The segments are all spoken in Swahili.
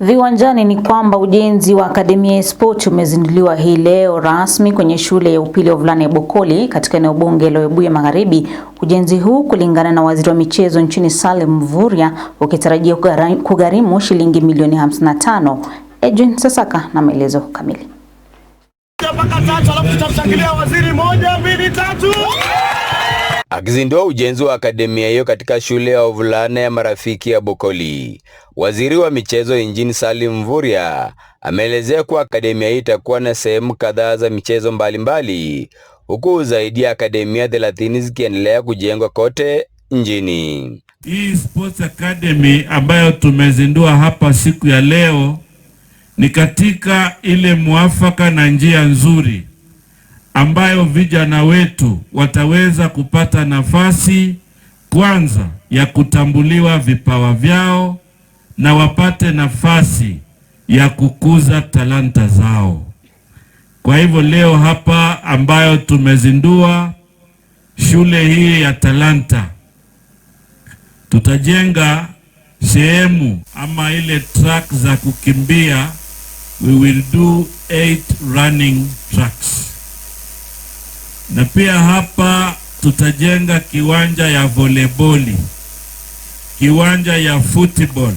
Viwanjani ni kwamba ujenzi wa akademia ya sport umezinduliwa hii leo rasmi kwenye shule ya upili ya wavulana Bokoli katika eneo bunge la Webuye Magharibi. Ujenzi huu kulingana na waziri wa michezo nchini Salim Mvurya ukitarajia kugharimu shilingi milioni 55. Edwin Sasaka na maelezo kamili. Akizindua ujenzi wa akademia hiyo katika shule ya wavulana ya Marafiki ya Bokoli, waziri wa michezo injini Salim Mvurya ameelezea kuwa akademia hii itakuwa na sehemu kadhaa za michezo mbalimbali, huku zaidi ya akademia 30 zikiendelea kujengwa kote nchini. Hii sports academy ambayo tumezindua hapa siku ya leo ni katika ile mwafaka na njia nzuri ambayo vijana wetu wataweza kupata nafasi kwanza ya kutambuliwa vipawa vyao na wapate nafasi ya kukuza talanta zao. Kwa hivyo leo hapa ambayo tumezindua shule hii ya talanta, tutajenga sehemu ama ile track za kukimbia. We will do eight running tracks na pia hapa tutajenga kiwanja ya voleboli, kiwanja ya football,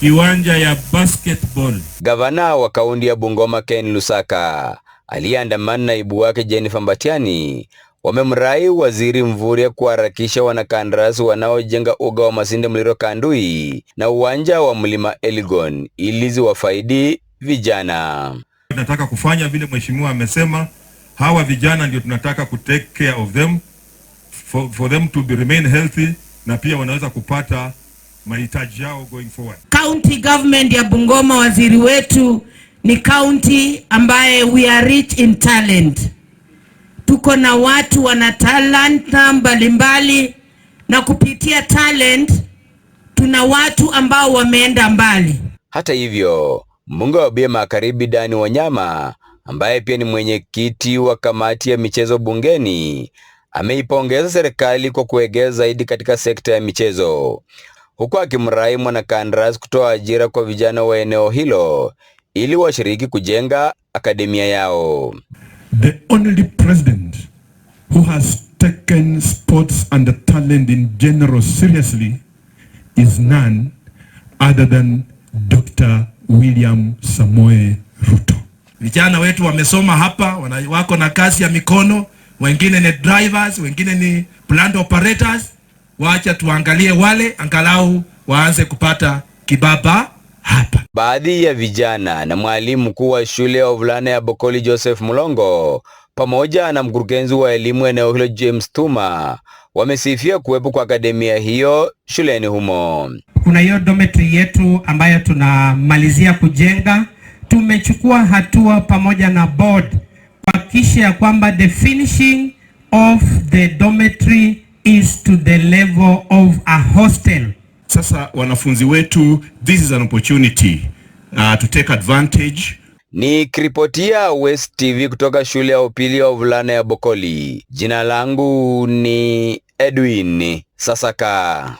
kiwanja ya basketball. Gavana wa kaunti ya Bungoma Ken Lusaka aliyeandamana naibu wake Jennifer Mbatiani wamemrai Waziri Mvurya kuharakisha wanakandarasi wanaojenga uga wa Masinde Muliro Kandui na uwanja wa Mlima Elgon ili ziwafaidi vijana. Nataka kufanya vile mheshimiwa amesema Hawa vijana ndio tunataka ku take care of them for, for them to be remain healthy na pia wanaweza kupata mahitaji yao going forward. County government ya Bungoma, waziri wetu ni county ambaye we are rich in talent. Tuko na watu wana talanta mbalimbali na kupitia talent tuna watu ambao wameenda mbali. Hata hivyo, mbunge wa Bima Magharibi Dani Wanyama ambaye pia ni mwenyekiti wa kamati ya michezo bungeni ameipongeza serikali kwa kuwekeza zaidi katika sekta ya michezo, huku akimrai mwanakandarasi kutoa ajira kwa vijana wa eneo hilo ili washiriki kujenga akademia yao. The only president who has taken sports and the talent in general seriously is none other than Dr. William Samoe Vijana wetu wamesoma hapa, wana, wako na kazi ya mikono, wengine ni drivers, wengine ni plant operators. Wacha tuangalie wale angalau waanze kupata kibaba hapa. Baadhi ya vijana na mwalimu mkuu wa shule ya wavulana ya Bokoli Joseph Mulongo pamoja na mkurugenzi wa elimu eneo hilo James Tuma wamesifia kuwepo kwa akademia hiyo shuleni humo. Kuna hiyo dometri yetu ambayo tunamalizia kujenga tumechukua hatua pamoja na board kuhakikisha ya kwamba the finishing of the dormitory is to the level of a hostel. Sasa wanafunzi wetu, this is an opportunity uh, to take advantage. Ni kiripotia West TV kutoka shule ya upili ya wavulana ya Bokoli. Jina langu ni Edwin Sasaka.